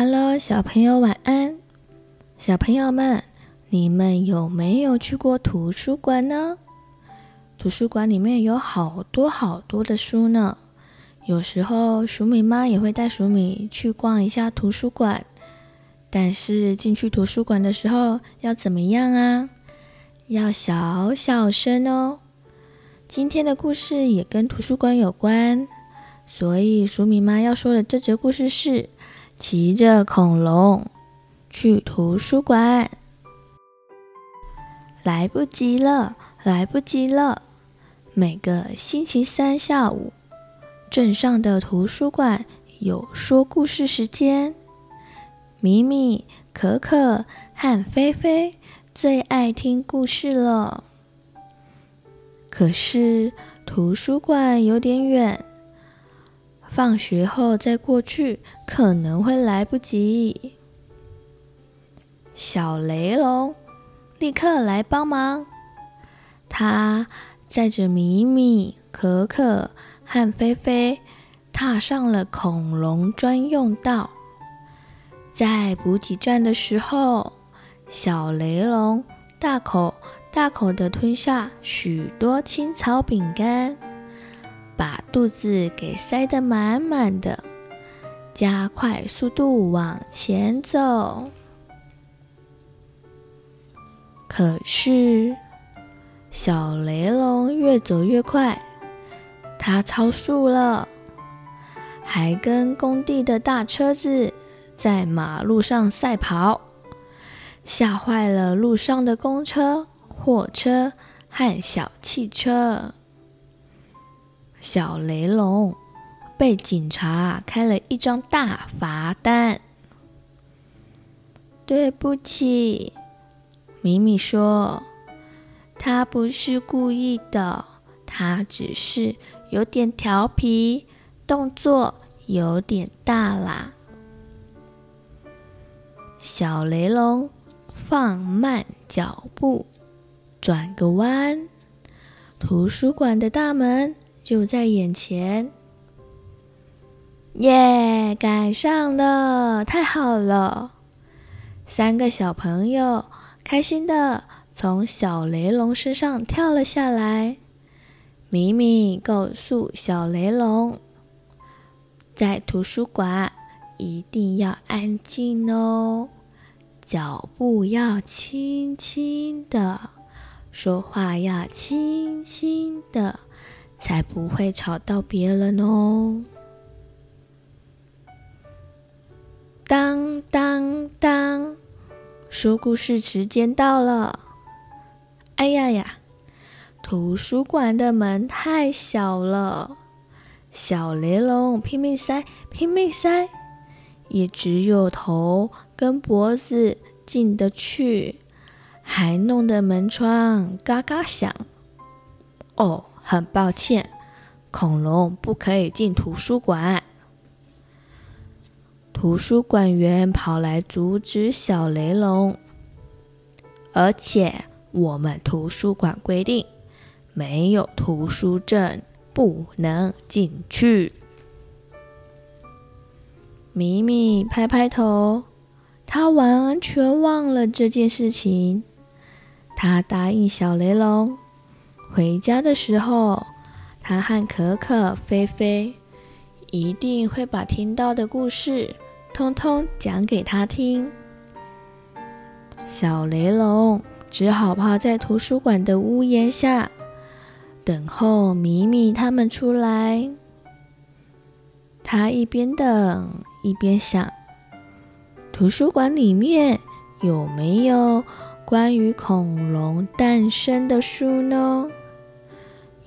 Hello，小朋友晚安。小朋友們，你們有沒有去過圖書館呢？圖書館裡面有好多好多的書呢。有時候，黍米媽也會帶黍米去逛一下圖書館。但是進去圖書館的時候要怎麼樣啊？要小小聲哦。今天的故事也跟圖書館有關，所以黍米媽要說的這則故事是。騎着恐龍去圖書館，來不及了，來不及了！每個星期三下午，鎮上的圖書館有說故事時間。米米、可可和飛飛最愛聽故事了，可是圖書館有點遠。放學後再過去可能會來不及。小雷龍立刻來幫忙，他載着米米、可可和飛飛，踏上了恐龍專用道。在補給站的時候，小雷龍大口大口地吞下許多青草餅乾。把肚子給塞得滿滿的，加快速度往前走。可是，小雷龍越走越快，它超速了，還跟工地的大車子在馬路上賽跑，嚇壞了路上的公車、貨車和小汽車。小雷龍被警察開了一張大罰單。對不起，米米說，他不是故意的，他只是有點調皮，動作有點大啦。小雷龍放慢腳步，轉個彎，圖書館的大門，就在眼前，耶！趕上了，太好了！三個小朋友開心的從小雷龍身上跳了下來。米米告訴小雷龍，在圖書館一定要安靜哦，腳步要輕輕的，說話要輕輕的，才不會吵到別人哦！當當當，說故事時間到了。哎呀呀，圖書館的門太小了，小雷龍拼命塞，拼命塞，也只有頭跟脖子進得去，還弄得門窗嘎嘎響。哦。很抱歉，恐龍不可以進圖書館。圖書館員跑來阻止小雷龍，而且我們圖書館規定，沒有圖書證不能進去。米米拍拍頭，他完全忘了這件事情。他答應小雷龍。回家的時候，他和可可、飛飛一定會把聽到的故事通通講給他聽。小雷龍只好趴在圖書館的屋檐下，等候米米他們出來。他一邊等一邊想：圖書館裡面有沒有關於恐龍誕生的書呢？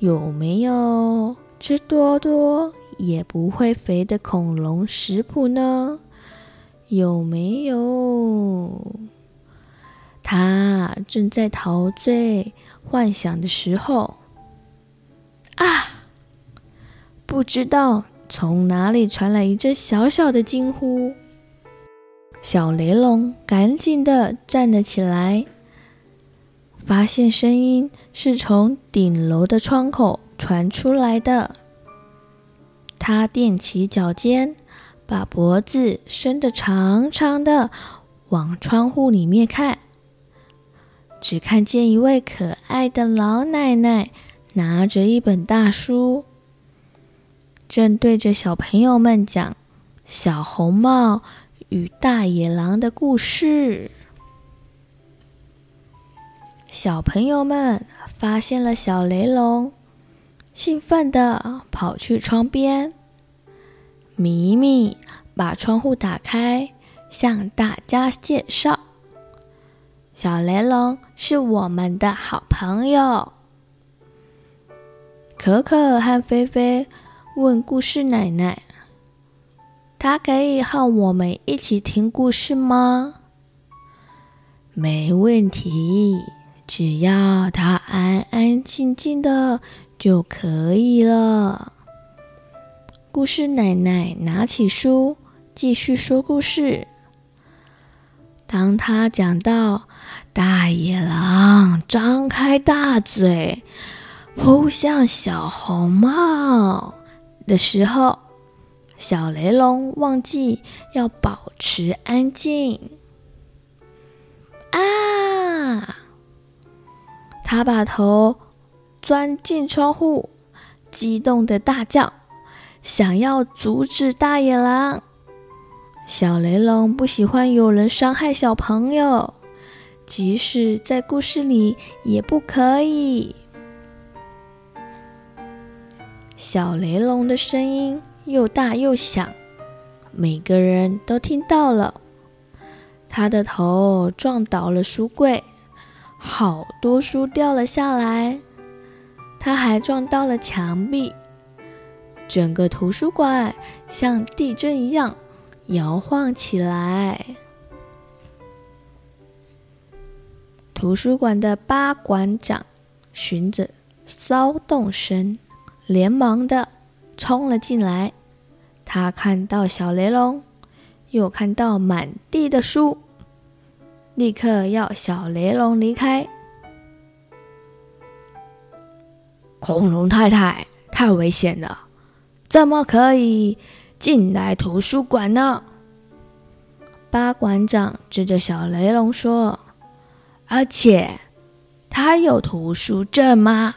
有沒有吃多多也不會肥的恐龍食譜呢？有沒有？他正在陶醉幻想的時候，啊！不知道從哪裡傳來一陣小小的驚呼，小雷龍趕緊地站了起來。發現聲音是從頂樓的窗口傳出來的，他踮起腳尖，把脖子伸得長長的，往窗戶裡面看，只看見一位可愛的老奶奶拿着一本大書，正對着小朋友們講《小紅帽與大野狼》的故事。小朋友們發現了小雷龍，興奮地跑去窗邊。米米把窗戶打開，向大家介紹：“小雷龍是我們的好朋友。”可可和飛飛問故事奶奶：“它可以和我們一起聽故事嗎？”“沒問題。”只要他安安靜靜的就可以了。故事奶奶拿起書，繼續說故事。當他講到大野狼張開大嘴撲向小紅帽的時候，小雷龍忘記要保持安靜。他把頭鑽進窗戶，激動的大叫，想要阻止大野狼。小雷龍不喜歡有人傷害小朋友，即使在故事裡也不可以。小雷龍的聲音又大又響，每個人都聽到了。他的頭撞倒了書櫃。好多書掉了下來，他還撞到了牆壁，整個圖書館像地震一樣搖晃起來。圖書館的八館長循着騷動聲，連忙的衝了進來。他看到小雷龍，又看到滿地的書。立刻要小雷龍離開！恐龍太太太危險了，怎麼可以進來圖書館呢？巴館長指着小雷龍說：“而且他有圖書證嗎？”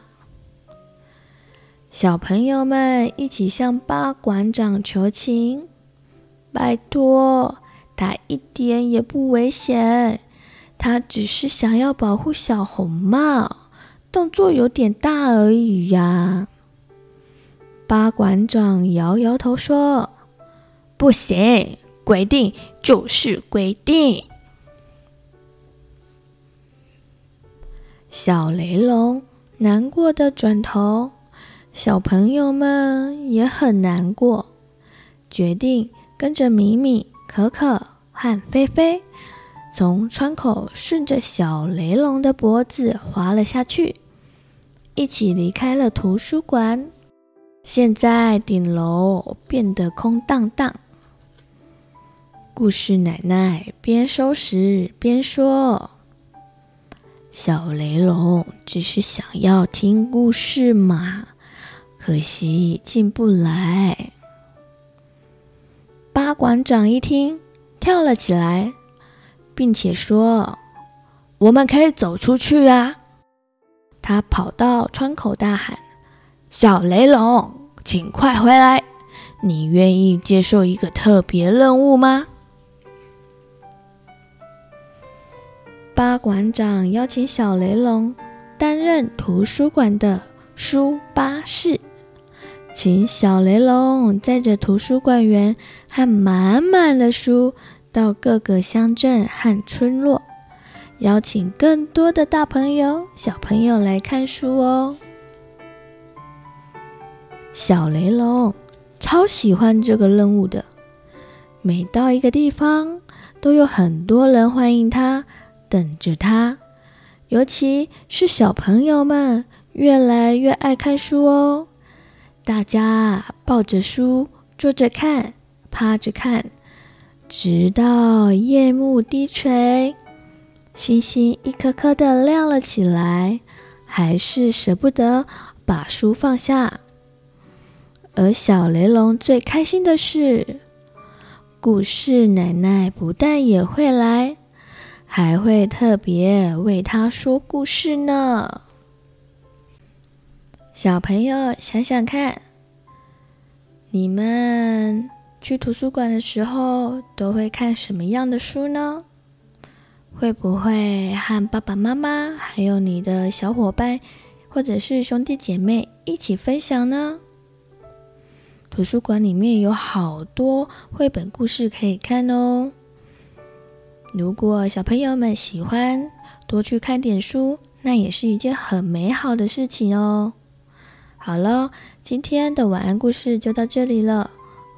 小朋友們一起向巴館長求情：“拜托，他一點也不危險。”他只是想要保護小紅帽，動作有點大而已呀、啊。巴館長搖搖頭說：“不行，規定就是規定。”小雷龍難過地轉頭，小朋友們也很難過，決定跟着米米、可可和飛飛。從窗口順着小雷龍的脖子滑了下去，一起離開了圖書館。現在頂樓變得空蕩蕩。故事奶奶邊收拾邊說：“小雷龍只是想要聽故事嘛，可惜進不來。”巴館長一聽，跳了起來。並且說：“我們可以走出去啊！”他跑到窗口大喊：“小雷龍，請快回來！你願意接受一個特別任務嗎？”巴館長邀請小雷龍擔任圖書館的書巴士，請小雷龍載着圖書館員和滿滿的書。到各個鄉鎮和村落，邀請更多的大朋友、小朋友來看書哦。小雷龍超喜歡這個任務的，每到一個地方都有很多人歡迎他，等着他。尤其是小朋友們越來越愛看書哦，大家抱着書，坐着看，趴着看。直到夜幕低垂，星星一顆顆的亮了起來，還是捨不得把書放下。而小雷龍最開心的是，故事奶奶不但也會來，還會特別為他說故事呢。小朋友想想看，你們。去圖書館的時候都會看什麼樣的書呢？會不會和爸爸媽媽、還有你的小夥伴或者是兄弟姐妹一起分享呢？圖書館裡面有好多繪本故事可以看哦。如果小朋友們喜歡多去看點書，那也是一件很美好的事情哦。好了，今天的晚安故事就到這裡了。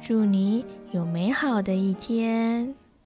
祝你有美好的一天。